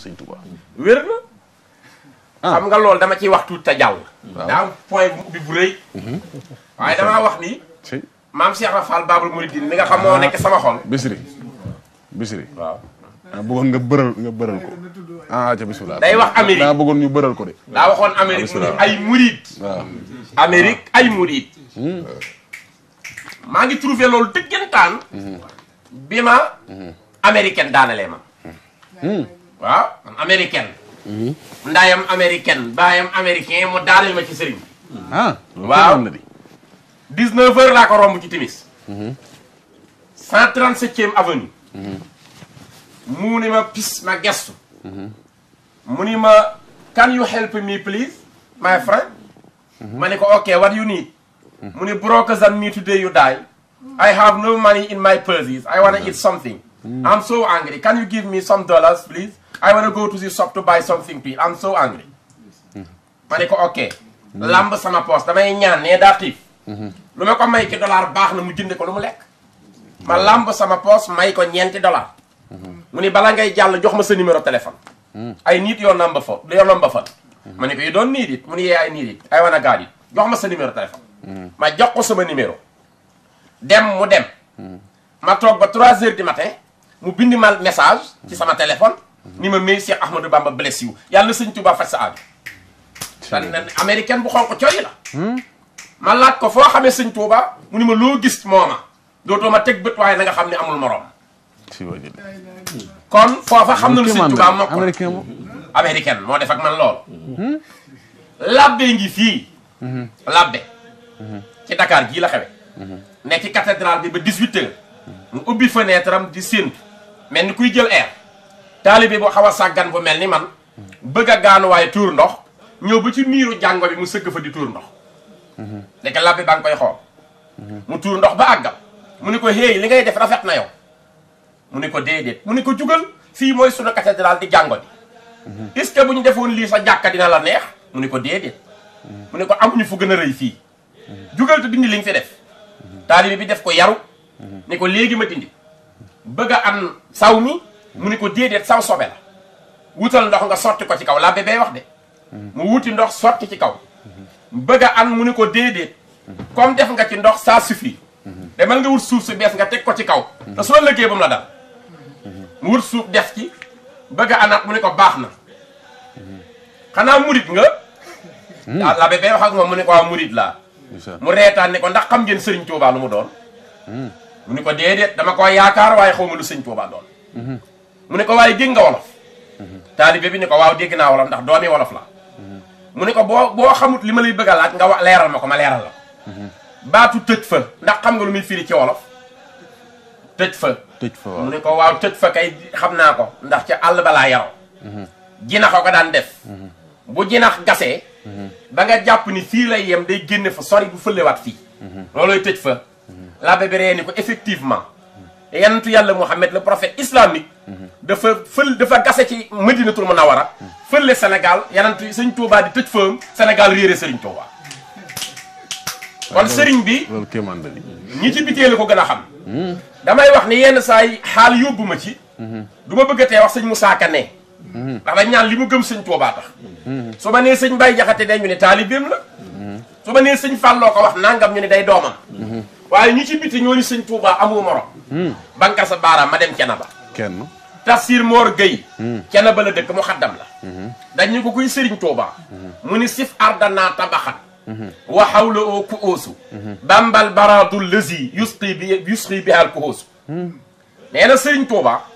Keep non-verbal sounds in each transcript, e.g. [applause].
sëñ Touba. wér na. Ah. xam nga loolu dama ciy wax tuuti te jàll. waaw point bu bu rëy. Mhm. waaye damaa wax ni. maam Cheikh Ibra Fall Baabul Muridiin mi nga xam moo ah. nekk sama xol. bisiri bisiri waaw. Ah, bëggoon nga bëral nga bëral ko ah day wax Amérique daa bëggoon ñu bëral ko de. daa waxoon Amérique mu ay murid. waaw hmm. maa ngi trouvé loolu dëggantaan. Hmm. bi ma. Hmm. américaine daanalee ma. waaw man américaine. Mm-hmm. ndaayam américaine baayam américain mu daaneel ma ci sëriñ. ah waaw 19 heures laa ko ci timis. 137e mm-hmm. avenue. Mm-hmm. mu ni pis ma gestu. mu ni can you help me please my friend. ma ne ok what do you need. mu ni brokers and me today you die. I have no money in my purses. I want to eat something. I'm so angry. Can you give me some dollars please. I want to go to the shop to buy something to eat I'm so angry. Mm-hmm. ma ne ko ok. làmb sama poos damay ñaan nee daa xiif. lu ma ko may ci dollar baax na mu jënd ko lu mu lekk. ma mm-hmm. lamb sama poos may ko ñeenti dollar. Mm-hmm. mu ni bala ngay jàll jox ma sa numéro téléphone. Mm. ay nit yoo namba fa yoo namba fa. ma ne ko you don't need it mu ni yee ay need it I wanna got it jox ma sa numéro téléphone. Mm. ma jox ko sama numéro. dem mu dem. Mm. ma toog ba 3 heures du matin mu bind ma message ci sama téléphone. ni ma mais Cheikh Ahmadou Bamba bless you yàlla na sëñ Touba faj sa aaju. daan na américaine bu xonq cooy la. Hmm? ma laaj ko foo xamee sëñ Touba mu ni ma loo gis mooma dootoo ma teg bët waaye na nga xam ne amul morom. kon foofa xam na lu sëñ Touba mokk américaine américaine moo def ak man lool. Hmm? labbe ngi hmm. labbe ci Dakar gii la xewe ne ci cathédrale bi ba 18 heures. mu ubbi fenêtre am di séntu mel ni kuy jël air. taalibe bu xaw a sàggan bu mel ni man bëgg a gaanuwaay tuur ndox ñëw ba ci niiru jàngo bi mu sëgg fa di tuur ndox nekk labbi ba nga koy xool mu tuur ndox ba àggal mu ni ko héey li ngay def rafet na yow mu ni ko déedéet mu ni ko jugal fii mooy sunu cathédrale di jàngo bi est-ce que bu ñu defoon lii sa jàkka dina la neex mu ni ko déedéet mu ni ko amuñu fu gën a rëy fii jugal te dindi li fi def taalibe bi def ko yaru ni ko léegi ma dindi bëgg a am saw mi mu ni ko déedéet saw sobe la wutal ndox nga sotti ko ci kaw làbbe bay wax de mu wuti ndox sotti ci kaw bëgg a an mu ni ko déedéet comme def nga ci ndox ça suffit demal nga wut suuf su bees nga teg ko ci kaw te soo lëggee ba mu la dal mu wut suuf def ci bëgg a mu ni ko baax na xanaa murit nga hmm. làbbe bay wax ak moom mu ni ko waaw murit laa mu reetaan ne ko ndax xam ngeen sëriñ Tuubaa lu mu doon hmm. mu ni ko déedéet dama ko yaakaar waaye xaw ma lu sëriñ Tuubaa mu ne ko waaye dégg nga wolof taalibe bi ne ko waaw dégg naa wolof ndax doomi wolof la mu ne ko boo boo xamut li ma lay bëgg a laaj nga wax leeral ma ko ma leeral la baatu tëj fa ndax xam nga lu muy firi ci wolof tëj fa tëj fa mu ne ko waaw tëj fa kay xam naa ko ndax ci àll balaa yaroo jinax a ko daan def bu jinax gasee ba nga jàpp ni fii lay yem day génne fa sori bu fëlewaat fii looloy tëj fa làbbe bi ree ni ko effectivement yantu yàlla Mouhamed le profet islamique. dafa fël dafa gase ci a Madinatul Munawara. fële Sénégal yanantu sëñ Touba di tëj fëm Sénégal réere sëriñ Touba. kon sëriñ bi ñi ci bitee la ko gën a xam. damay wax ni yenn saa yi xaal yóbbu ma ci. du ma bëgg a tee wax sëñ Moussa Kane. ndax dañ ñaan li mu gëm sëñ Touba tax. su ma nee sëñ Baye Jaxate dañu ne taalibeem la. su ma nee sëñ Falloo ko wax nangam ñu ne day doomam. waye ñi ci biti ñoo ni seigne Touba amul morom. banka sa bara ma dem kenaba kenn Tafsir Mor Gueye. kenaba la dëkk mu xadam la. dañ ñu ko kuy seigne Touba. mu ni sif ardana tabaxat. wa xawla o ku oosu. bambal baradu lazi yusqi bi yusqi bi al ku oosu. nee na sëriñ Touba.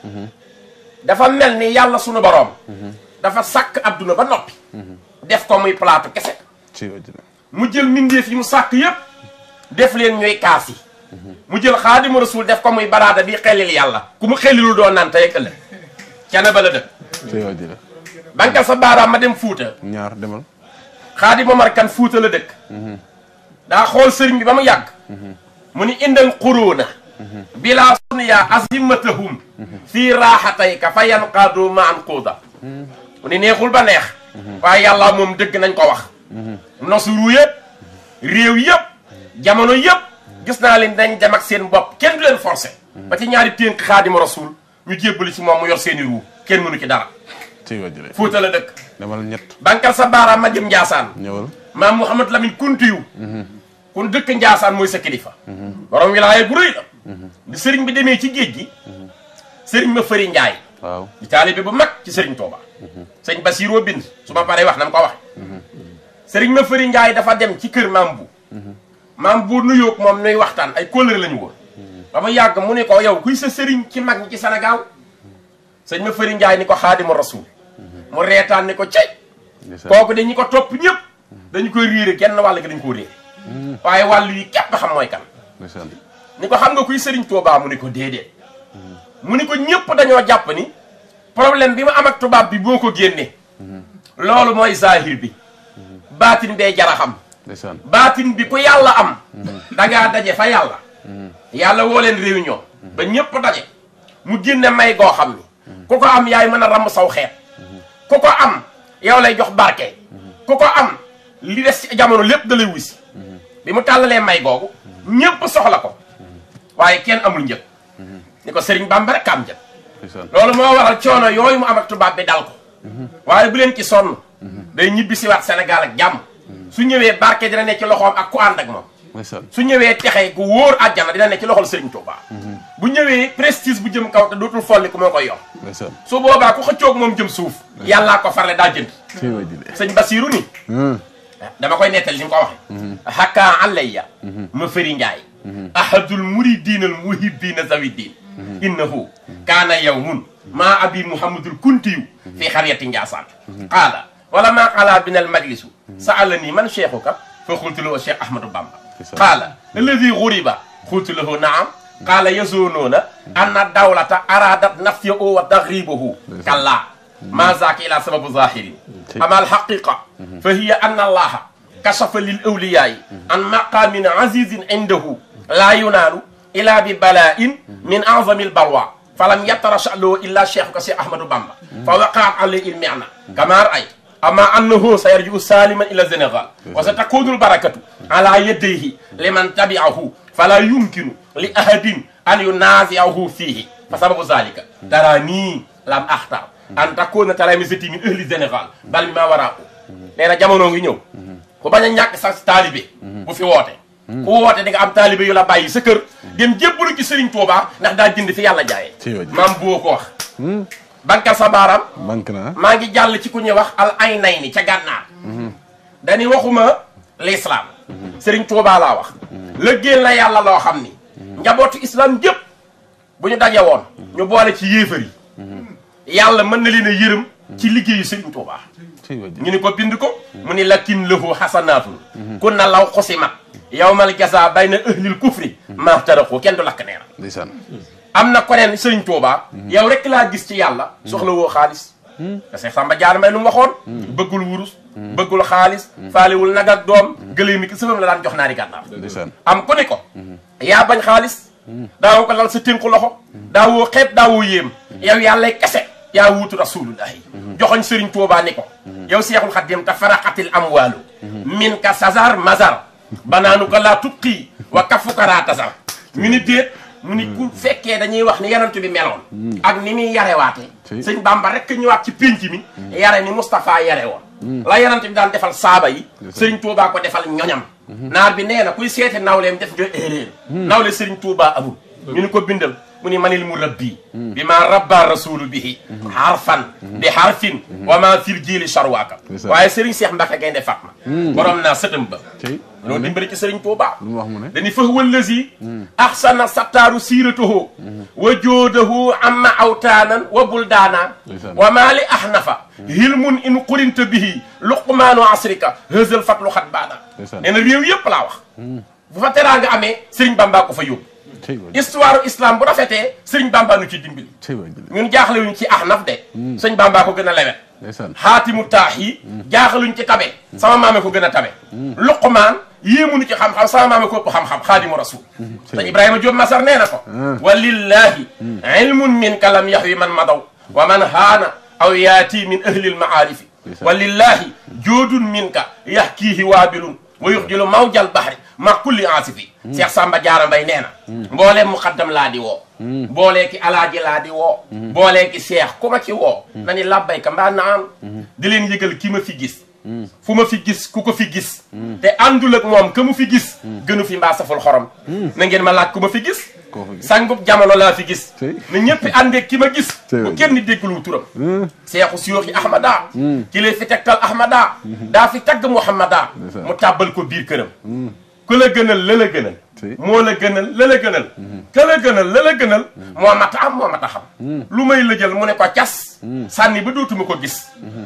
dafa melni yàlla sunu boroom. dafa sak abduna ba noppi. def ko muy plateau kese. mu jël mindeef yi mu sak yépp def leen ñooy kaas yi mu jël xaadimu rasul def ko muy baraada bi xelil yàlla ku mu xelilul doo naan tey ëllëg cana ba la dëkk bankal sa baaraam ma dem fuuta ñaar demal xaadim Omar kan fuuta dëkk mhm. daa xool sëriñ bi ba mu yàgg mhm. mu ni indal xuróona mhm. bilaa suniyaa azimatahum fii raaxatayka fa yanqaadu ma an xuuda ni neexul ba neex waaye yàlla moom dëgg nañ ko wax nosu yëpp réew yëpp jamono yëpp gis naa leen dañ dem ak seen bopp kenn du leen forcé hmm. ba ci ñaari ténk xaadima rasul ñu jébbali ci moom mu yor seen i ruu kenn mënu ci dara Fuuta la dëkk demal ñett bankal sa baaraam ma jëm Njaasaan ñëwal maam Mouhamad Lamine Kuntiyu hmm. kon dëkk Njaasaan mooy sa kilifa hmm. borom wilaaya bu rëy la bi sëriñ bi demee ci géej gi sëriñ ma fëri Njaay waaw di taalibe bu mag ci sëriñ Touba. sëñ Basiroo bind su ma paree wax na ma ko waxe sëriñ ma fëri Njaay dafa dem ci kër maam maam bu nuyoog moom nuy waxtaan ay kóllëre lañu woon dama hmm. yàgg mu ne ko yow kuy sa sëriñ ci mag ñi ci senegal sëñ ma fëri Njaay ni ko xaadimu rasul hmm. mu reetaan ni ko cey kooku dañu ko topp ñëpp hmm. dañu koy riire kenn wàll gi dañu koo réere waaye wàll yi képp xam mooy kan ni ko xam nga kuy sëriñ Tuubaa mu ni ko déedéet mu ni ko ñëpp dañoo jàpp ni problème bi ma am tubaab bi boo ko génnee loolu mooy zahir bi baatin bee jara xam ndeysaan baatin bi ku yàlla am. da daje fa yàlla. yàlla woo leen réunion. ba ñëpp daje. mu génne may goo xam ni. ku ko am yaay mën a ràmm saw xeet. ku ko am yow lay jox barke. ku ko am li des ci jamono lépp da lay wis. bi mu tàllalee may googu. ñëpp soxla ko. waaye kenn amul njëg. ni ko Serigne Bamba rek am njëg. loolu moo waral coono yooyu mu am ak tubaab bi dal ko. Mhm. waaye bu leen ci sonn. Mhm. day ñibbi si waat senegal ak jàmm. su ñëwee barke dina ne ci loxoom ak ku ànd ak moom su ñëwee texe gu wóor àjjana dina ne ci loxol Serigne Touba bu ñëwee prestige bu jëm kaw te dootul folli ku moo koy yor su boobaa ku xëccoog moom jëm suuf yàllaa ko farle daa jënd sëñ Basiru ni dama koy nettali ni mu ko waxee hakka alayya ma fëri njaay ahadul muridina al muhibbina zawi din innahu kaana yawmun maa abi muhammadul kuntiyu fi xariyati njaasaan qaala ولما قال بنا المجلس سألني من شيخك فقلت له الشيخ أحمد بامبا قال الذي غريب قلت له نعم قال يزونون أن الدولة أرادت نفيه وتغريبه كلا ما ذاك إلى سبب ظاهر أما الحقيقة فهي أن الله كشف للأولياء ان مقام عزيز عنده لا ينال إلا ببلاء من أعظم البلوى فلم يترشأ له إلا شيخك الشيخ أحمد بامبا فوقع عليه المعنى كما رأيت أما أنه سيرجع سالما إلى الزنغال وستكون البركة على يديه لمن تبعه فلا يمكن لأحد أن ينازعه فيه فسبب ذلك تراني لم أختار أن تكون تلامذتي من أهل الزنغال بل ما وراءه لأن جمعنا نيو ku bañ a ñàkk sax taalibe bu fi woote ku woote di am taalibe yu la bàyyi sa kër dem jébbalu ci Serigne Touba ndax jënd fi yàlla maam ko wax bankal sa baaraam. bank naa maa ngi jàll ci ku ñuy wax al ay nay ni ca gànnaar. Mhm. dañuy waxuma l'islam. Mhm. Serigne Touba laa wax. Mhm. lëggéey na yàlla loo xam ni. njabootu islam jëpp bu ñu dajee woon. ñu boole ci yéefar yàlla mën na leen a yërëm. ci liggéeyu Serigne Touba. ñu ni ko bind ko. mu ni lakin lahu xasanaatun. ku na law xusimat. yawmal jasa bayna ahlil kufri. maa taraku kenn du lakk neera. amna ko len serigne Touba. yow rek la gis ci yàlla. soxla wo khalis parce que Samba jaar may lu waxon beugul wurus. beugul khalis faliwul nag ak doom. gëlee mi ki sëfam la dan jox naari gata am ko ne ko. ya bañ xaalis. daawoo ko lal sa tinku loxo. wo xet xeeb wo yem yow yàlla kesse ya wutu rasulullah joxoñ serigne Touba ne ko. yow seexul khadim ta faraqatil amwaalu. min ka sazar mazar. banaanu ko laa tutqi wa kafu ko mini déet. mu ni ku fekkee dañuy wax ni yonent bi meloon ak ni muy yarewaate sëñ Bamba rek ñëwaat ci pénc mi yare ni Moustapha yare woon mm. la yonent bi daal defal saaba yi sëriñ Touba ko defal ñoñam mm-hmm. naar bi nee na kuy seete nawleem def nga erreur mm. nawle sëriñ Touba abu منكو بندل مني من المربي بما ربى الرسول به حرفا بحرف وما في الجيل شرواك واي سيرين شيخ مباكا كاين فاطمه بروم نا سدمبا لو ديمبري سي سيرين توبا دني فهو الذي احسن سطار سيرته وجوده اما اوتانا وبلدانا وما لاحنف هلم ان قرنت به لقمان عصرك هزل فتل خطبانا انا ريو يب لا واخ بو فاتيرا نغا امي سيرين بامبا كو فا histoire islam bu rafété serigne bamba nu ci dimbali ñun jaaxlewuñ ci ahnaf de serigne bamba ko gëna a lewet xaatimu taax yi ci tabe sama mamé ko gëna tabe luqman yému nu ci xam-xam sama mamé ko ko xam xam-xam khadim rasul te ibrahima Diop masar nee na ko walillahi ilmun min kalam yaxwi man madaw wa man hana aw yati min ahli al ma'arif walillahi jodun minka yahkihi wabilun ويخجل موج البحر ma kulli ansifi Cheikh Samba Diarra Mbaye nee na mboolee muqaddam laa di woo boolee ki alaaji laa di woo boolee ki seex ku ma ci woo na ni labbayka mbaa naam di leen yëgal ki ma fi gis fu ma fi gis ku ko fi gis te àndul ak moom ka mu fi gis gënu fi mbaa saful xorom na ngeen ma laaj ku ma fi gis sangub jamono laa fi gis na ñëpp àndee ki ma gis bu kenn dégglu turam seexu siyooxi ahmada ki lay fi tegtal ahmada daa fi tagg muhammada mu tàbbal ko biir këram ku la gënal la la gënal. moo la gënal la la gënal. ka la gënal la la gënal. Mm. moo mat a am moo mat xam. Mm. lu may la jël mu ne ko cas. Mm. sànni ba dootuma ko gis.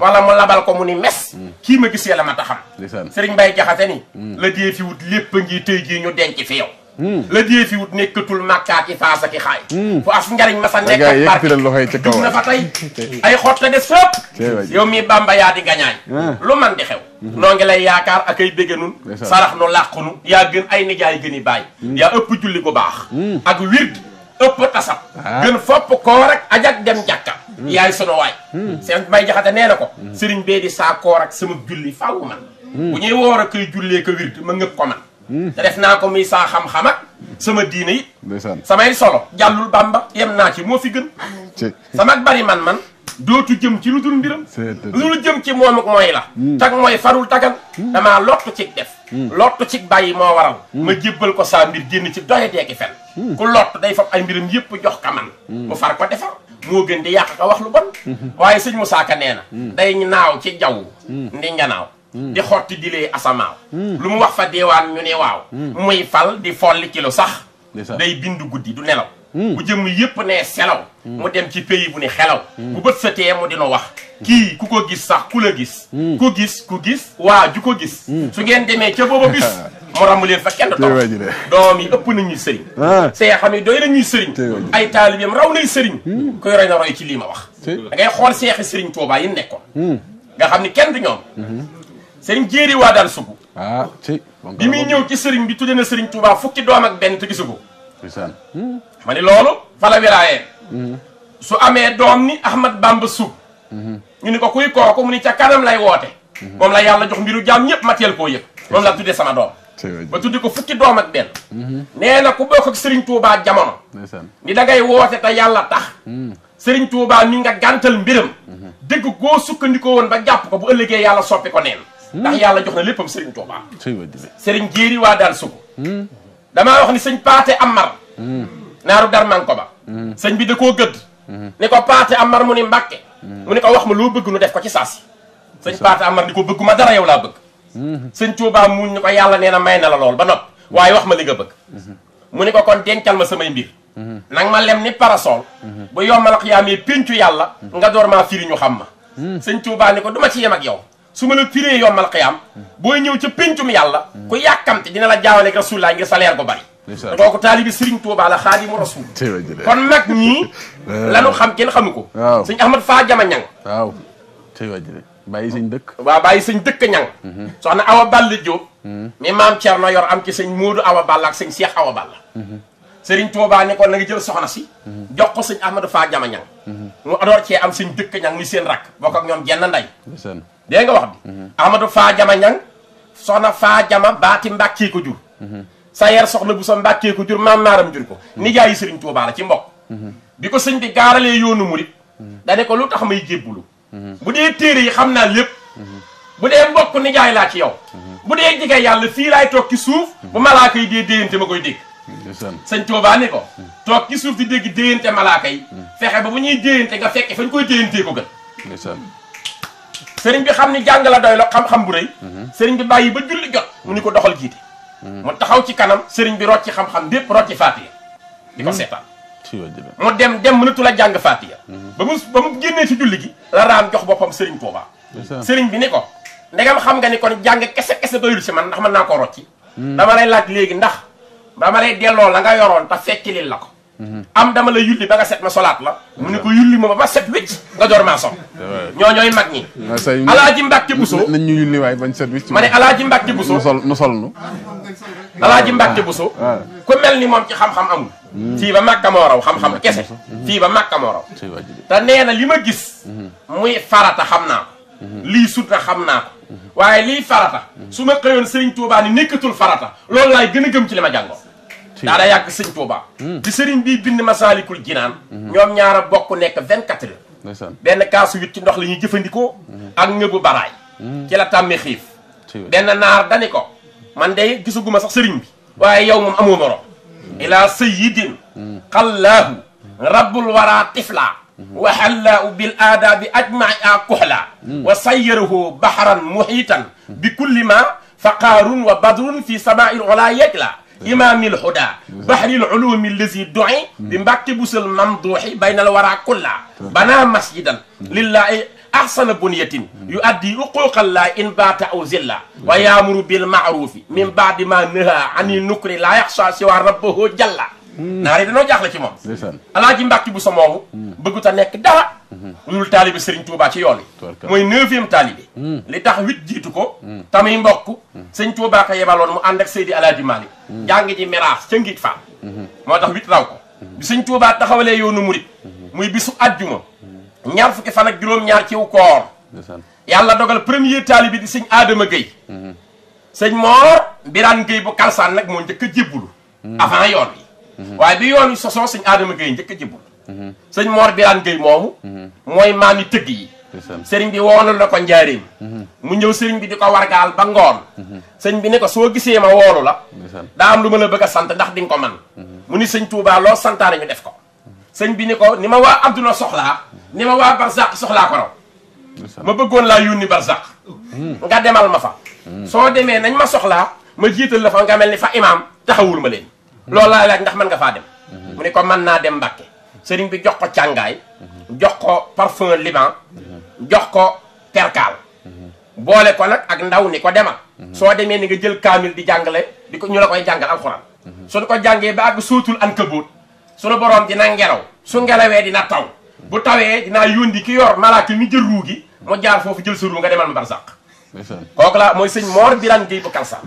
wala mu labal ko mu ni mes. kii ma gisee la mat a xam. sëriñ Mbaye Jaxate ni la jee fi wut lépp a ngi tey jii ñu denc fi yow. Hmm. la dee wut nekkatul màkkaa ki sa ki xaay hmm. fu as njariñ ma sa nekk ak barke dug na fa tey [laughs] ay xott des fépp yow mii bamba yaa di gañaay ah. lu man di xew hmm. noo lay yaakaar ak ay bégge nun sarax nu làq yaa gën ay nijaay gën i bàyyi yaa ëpp julli gu baax ak wird ëpp tasab ah. gën fopp koo rek ajak dem jàkka yaay sunu waay seen may jaxate nee na ko sëriñ bee di saa koor ak sama julli faaw man bu ñuy woor a koy jullee ko wird ma ngëpp ko man def na ko mi sa xam-xam ak sama diine sama samay solo jallul bamba yem na ci mo fi gën sama bari man-man dootu jëm ci lu dul mbiram lu jëm ci mom ak moy la hmm. tag moy farul tagal hmm. dama lottu ci def hmm. lottu ci bayyi mo waral ma jibbal ko sa mbir genn ci doye deeki fen ku lott day fam ay mbiram yep jox ka man mu far ko defar mo gën di yak ka wax lu bon waye seigne Moussa Ka neena day ñaw ci jaw ni ñanaaw di xotti di lee asamaaw hmm. lu mu wax fa deewaan ñu ne waaw hmm. muy fal di folli ci lu sax day bindu guddi du nelaw hmm. bu jëmm yépp ne selaw mu dem ci pays bu ne xelaw bu bët sa tee mu dina wax kii ku ko gis sax ku la gis ku gis ku gis waa ju ko gis su ngeen demee ca booba bis [laughs] mu ramu leen fa kenn toog doom yi ëpp nañuy sëriñ ah. see xam yi doy nañuy sëriñ ay taalibeem raw nay sëriñ koy roy na roy ci lii ma wax da ngay xool seexi sëriñ Tuubaa yi nekkoon nga xam ni kenn du sëriñ jéeri waa daal sugu ah ci bi muy ñëw ci sëriñ bi tudde na sëriñ Touba fukki doom ak benn te gisu ko ma ne loolu fala wiraaye mhm. su amee doom ni Ahmad Bamba Soug mhm. ñu ni ko kuy kooku mu ni ca kanam lay woote mhm. moom la yàlla jox mbiru jaam ñëpp mateel koo yëg moom la tuddee sama doom ba tuddi ko fukki doom ak benn nee ku bokk ak sëriñ Touba jamono ni da ngay woote te yàlla tax sëriñ Touba mi nga gàntal mbiram dëgg koo sukkandikoo woon ba jàpp ko bu ëllëgee yàlla soppi ko neen Hmm. ndax yalla jox na léppam Serigne Touba. Serigne Jéeri wa Daal Sugu. damaa wax ni sëñ Paate Amar. Hmm. naaru dar man ko ba. Hmm. sëñ bi da koo gëdd. ni ko Paate Amar mu ni Mbàkke. mu ni ko wax ma loo bëgg nu def ko ci saasi. sëñ Paate Amar ni ko bëgg ma dara yow Touba ko may na la ba wax ma li nga ko kon dencal ma samay mbir. nang ma lem ni parasol. bu yombal ak yaa amee pencu yàlla. nga door maa firi ñu xam ma. Touba ni ko ci yem ak yow. su ma la firee yombal xiyaam booy ñëw ca péncum yàlla ku yàkkamte dina la jaawale ak rasulullah ngir salaire bu bari kooku taalibi Serigne Touba la xaadimu rasul kon nag ñii [laughs] lanu xam kenn xamu ko sëñ Ahmad Faa Jama ñang waaw tey wajële bàyyi sëñ dëkk waaw bàyyi sëñ dëkk ñang mhm. soxna Awa Balla Diop mhm. mi maam Thierno yor am ci sëñ Moodu Awa Balla ak sëñ Cheikh Awa Balla mhm. Serigne Touba ne ko na nga jël soxna si jox ko sëñ Ahmad Faa Jama ñang mu adoor cee am sëñ dëkk ñang muy seen rak bokk ak ñoom jenn nday dégg nga wax bi Amadou Faa Jama Ñang soxna Faa Jama baati Mbàkkee ko jur sa yer soxna bu sa Mbàkkee ko jur maam maaram jur ko nijaay yi Sëriñ Tuubaa la ci mbokk bi ko sëñ bi gaaralee yoonu murit dane ko lu tax may jébbulu bu dee téere yi xam naa lépp bu dee mbokk nijaay laa ci yow bu dee jege yàlla fii laay toog ci suuf bu malaaka yi dee déyante ma koy dégg sëñ Tuubaa ni ko toog ci suuf di dégg déyante malaaka yi mm. fexe ba bu ñuy déyante nga fekke fañ koy déyantee ko sëriñ bi xam ni jàng la doy la xam-xam bu rëy mhm. sëriñ bi bàyyi ba julli jot mu ni ko doxal jiite mhm. mu taxaw ci kanam sëriñ bi rocci xam-xam bépp rocci faatiya di ko mhm. seetaan mu dem dem mënatul a jàng yi ba mu ba mu génnee ci julli gi la raam jox boppam sëriñ Tuubaa sëriñ bi ni ko ndegam xam nga ni kon jàng kese kese lu si man ndax mën naa ko rocci dama lay laaj léegi ndax dama lay delloo la nga yoroon te fekkilil la ko am dama la yulli ba nga set ma solaat la mu ni ko yulli ma ba set wicc nga door maa sol ñoo ñooy mag ñi ah, alaaji Mbàkke Buso nañ ñu yulli waay bañ set ma ne alaaji Mbàkke Buso nu sol nu sol nu alaaji Mbàkke Buso ah. Ah. ku mel ni moom ci xam-xam amul hmm. fii ba màkka moo raw xam-xam hmm. kese hmm. fii ba màkka moo raw te nee na li ma gis muy farata xam naa ko lii sunna xam naa ko waaye lii farata su ma xëyoon Sëriñ Tuubaa ni nekkatul farata loolu laay gën a gëm ci li ma jàngoo daara yàgg sëñ Touba. bi sëriñ bii bind Masaalikul Jinaan ñoom ñaara bokk nekk 24 heures. benn kaasu wit ci ndox la ñuy jëfandikoo. ak ngëbu baraay. ci la tàmmee xiif. benn naar dani man de gisuguma sax sëriñ bi. waaye yow moom amoo morom. ilaa sayyidin. xallaahu. rabbul wara tifla. wa xallaahu bil aadaabi ajmaa kuxla. wa sayyarahu baxran muxiitan bi kulli ma faqaarun wa badrun إمام الحدا بحر العلوم الذي دعي بمبكي بوسل ممدوح بين الورى كلا بنا مسجدا لله أحسن بنية يؤدي حقوق الله إن بات أو زلا ويأمر بالمعروف من بعد ما نهى عن النكر لا يخشى سوى ربه جل naar yi dañoo jaaxle ci moom alaaji mbàkki bu sa moomu bëggut a nekk dara mhm. lul taalibi sëriñ Touba ci yoon yi mooy neuvième taalibi mhm. li tax huit jiitu ko mhm. tamit mbokk sëñ Touba ko yebaloon mu ànd ak Seydi alaaji Malick jàng ji miraas ca ngiit faam moo tax huit raw ko bi sëñ Touba taxawalee yoonu murit muy bisu àjjuma ñaar fukki fan ak juróom-ñaar ciw koor yàlla dogal premier taalibi di sëñ aadama Gueye sëñ Moor Birane géey bu Kalsaan nag moo njëkk a jébbulu avant Mhm. waaye bi yoon wi sosoo sëñ Adama Gueye njëkk a jibbu mhm. sëñ Mor Birane Gueye moomu mhm. mooy maam yi tëgg yi sëriñ bi woonal na ko njaareem mu ñëw sëriñ bi di ko wargaal ba ngoon sëñ bi ne ko soo gisee ma woolu la daa am lu ma la bëgg sant ndax di nga ko man mu ni sëñ Touba loo santaane ñu def ko sëñ bi ni ko ni ma waa adduna soxlaa ni ma waa barzaq soxlaa ko raw ma bëggoon laa yónni barzaq nga demal ma fa soo demee nañ ma soxlaa ma jiital la fa nga fa imaam taxawul ma leen lool laa laaj ndax mën nga faa dem mhm. mu ne ko mën naa dem Mbàkke sëriñ bi jox ko càngaay mhm. jox ko parfum liban mhm. jox ko perkaal boole ko nag ak ndaw ni ko demal soo demee ni nga jël kaamil di jàngale di ko ñu la koy jàngal alxuraan suñu ko jàngee ba àgg suutul ankabóot suñu boroom dina ngelaw su ngelawee dina taw bu tawee dinaa yóndi ki yor malaaka mi jël ruu gi mu jaar foofu jël sa ruu nga demal mbarsàq kooku laa mooy sëñ Mor Birane Gueye bu Kalsa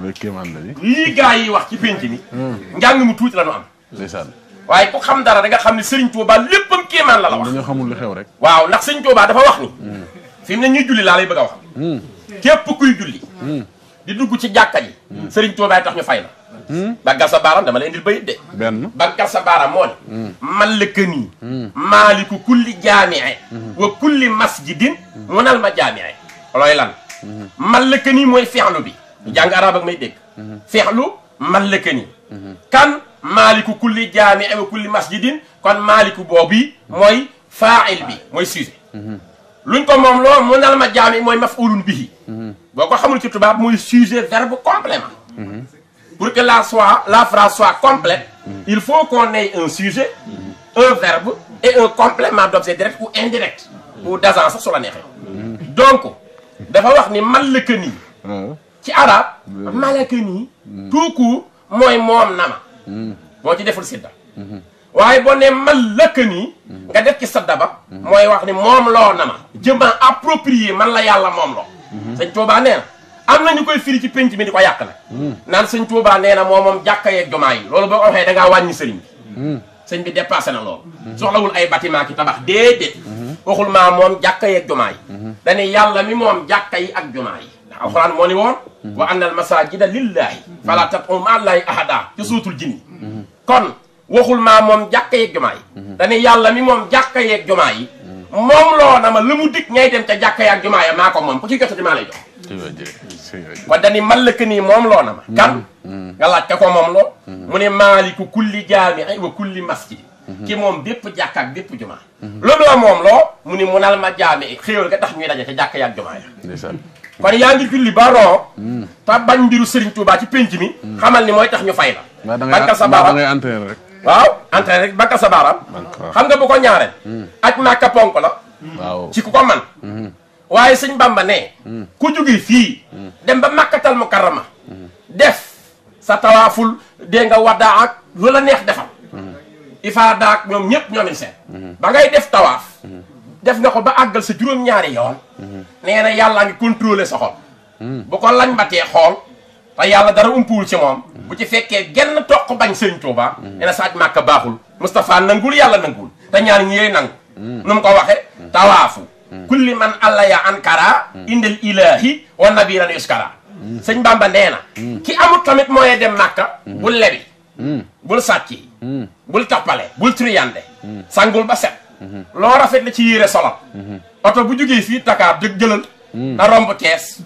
lii gars yi wax ci pénc mi hmm. njàng mu tuuti la am waaye ku xam dara da nga xam ne sëriñ Touba léppam kéemaan la la wax dañoo rek waaw ndax sëñ Touba dafa wax ni hmm. fi mu ne ñuy julli laa lay bëgg a wax hmm. képp kuy julli di dugg ci jàkka ji sëriñ Touba tax ñu fay la baggal sa baaram dama la di bayit de benn baggal sa baaram moo ni ne mallëkanii maaliku kulli jaamie wa kulli masjidin munal ma jaamie looy lan mallakani moy fexlu bi Je arab ak may Je kan maliku kulli jami, wa kulli masjidin kon maliku bobi, moy Je bi moy sujet luñ ko mom lo mo dal ma mafulun bihi xamul ci sujet verbe complément pour que la soit la phrase soit complète il faut qu'on ait un sujet un verbe et un complément d'objet direct ou indirect ou la donc dafa wax ni malaka nii ci arab malaka nii tout mm. mooy moom na ma boo mm. ci deful sidda mm-hmm. waaye boo ne lëkk nii mm. nga def ci sadda ba mooy wax ni moom loo na ma jëma approprié man la yàlla moom loo mm-hmm. sëñ Tuubaa nee na am na ñu koy firi ci penc mi di ko yàq nag naan sëñ Tuubaa nee na moo moom jàkka yeeg jumaa yi loolu boo ko waxee da ngaa wàññi sëriñ bi bi dépassé na loolu mm-hmm. soxlawul ay bâtiment ki tabax déedéet waxul maa moom jàkka ak jumaa yi dane yàlla mi moom jàkka yi ak jumaa yi ndax alxuraan moo ni woon wa anna al lillahi fala tad'u ma'a allahi ahada ci suutul jinni kon waxul maa moom jàkka ak jumaa yi dane yàlla mi moom jàkka yi ak jumaa moom loo na ma la mu dikk ngay dem ca jàkka ak jumaa maa ko moom ku ci jotati maa lay jox kon dani man lëkk moom loo na ma kan nga laaj ka ko moom loo mu ne maaliku kulli jaami wa kulli masjidi ci mhm. mom bepp jakk ak bepp juma lo do mom lo muni munal ma jami xewal ga tax ñuy dajé ci jakk yak juma ya kon ya ngi julli ba roo mhm. te bañ mbiru Serigne Touba ci penj mi mhm. xamal ni moy tax ñu fay la banka sa baaram ngay entraîner rek waaw entraîner rek banka sa baaram xam nga bu ko ñaare ak màkka ponk la waaw ci ku ko man waye serigne Bamba ne ku jugi fi dem ba makatal mukarrama def sa tawaful de nga wada ak lu la neex defal ifaadaak ñoom ñëpp ñoo ngi seet mhm. ba ngay def tawaaf def nga ko ba àggal sa juróom-ñaari yoon mhm. nee na yàllaa ngi contrôler sa xol mhm. bu ko lañ batee xool te yàlla dara umpuwul ci moom bu ci fekkee genn toq bañ sëñ Tuuba nee na saaj màkk baaxul na nangul yàlla nangul te ñaar ñi yooyu nangu nu mu ko waxe tawaafu kulli man alla ya ankara indil ilahi wa nabiran yuskara sëñ Bamba nee na ki amut tamit mooy dem màkka bul lebi bul sàcci bul tappale bul triyande sangul ba set loo rafet la ci yére solal oto bu jógee fii Dakar jëg jëlal na romb Thiès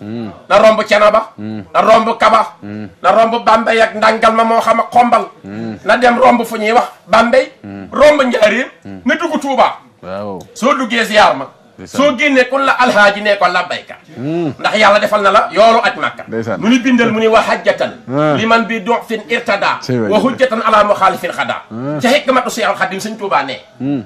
na romb Cenaba na romb Kaba na romb Bambey ak ma moo xam ak xombal na dem romb fu ñuy wax Bambey romb Njaaréem na dugg Touba. waaw soo duggee ziar ma soo génnee kun la alhaaji ne ko labbayka hmm. ndax yàlla defal na la yoolu aj màkka mu ni bindal mu ni wa hajjatan hmm. hmm. li man bi do fin irtada wa hujjatan ala muxaalifin xada ca si seexul xadim sëñ Tuubaa ne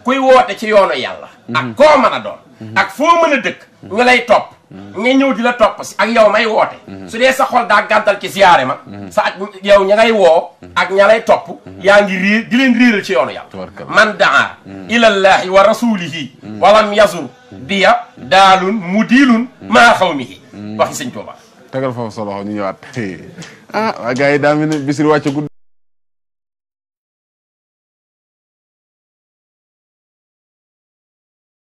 kuy woote ci yoonu yàlla ak koo mën a doon ak foo mën a dëkk ñu lay topp nga ñëw di la topp si ak yow may woote su dee sa xol daa gàddal ci ziyaare ma sa ak yow ña ngay woo ak ña lay topp yaa ngi riir di leen riiral ci yoonu yàlla man daa ilallahi wa rasulihi walam yazur biya daalun mu diilun maa xaw mi waxi sëñ Tuuba tegal foofu sa loxo ñu ñëwaat ah waa gars yi daa mel ne Bichri wàccagul